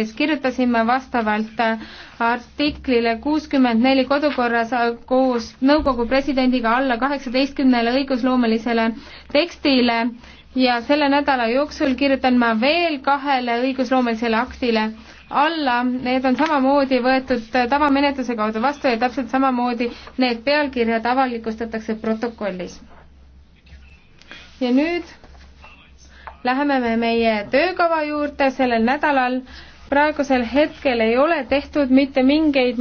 septembris kirjutasime vastavalt artiklile kuuskümmend neli kodukorras koos nõukogu presidendiga alla kaheksateistkümnele õigusloomelisele tekstile ja selle nädala jooksul kirjutan ma veel kahele õigusloomelisele aktile alla, need on samamoodi võetud tavamenetluse kaudu vastu ja täpselt samamoodi need pealkirjad avalikustatakse protokollis. ja nüüd läheme me meie töökava juurde sellel nädalal praegusel hetkel ei ole tehtud mitte mingeid